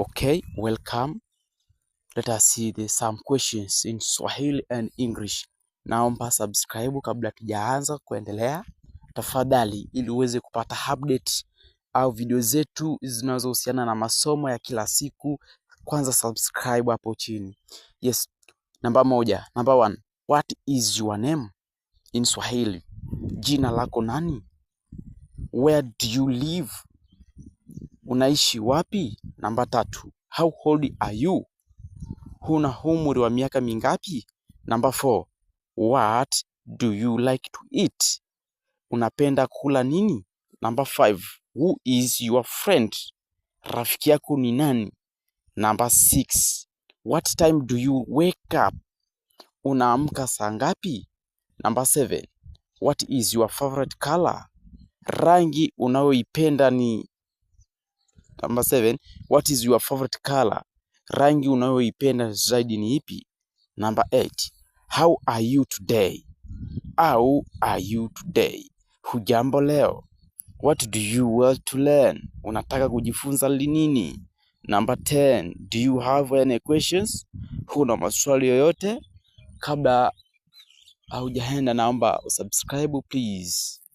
Okay, welcome. Let us see the some questions in Swahili and English. Naomba subscribe kabla tujaanza kuendelea tafadhali, ili uweze kupata update au video zetu zinazohusiana na masomo ya kila siku. Kwanza subscribe hapo chini. Yes, namba moja. Namba one, what is your name in Swahili? Jina lako nani? Where do you live? Unaishi wapi? Namba tatu, how old are you? Huna umri wa miaka mingapi? Namba four, what do you like to eat? Unapenda kula nini? Namba five, who is your friend? Rafiki yako ni nani? Namba six, what time do you wake up? Unaamka saa ngapi? Namba seven, what is your favorite color? Rangi unayoipenda ni Number seven, what is your favorite color? Rangi unayoipenda zaidi ni ipi? Number eight, how are you today? How are you today? Hujambo leo. What do you want to learn? Unataka kujifunza nini? Number 10, do you have any questions? Huna maswali yoyote? Kabla haujaenda, naomba usubscribe please.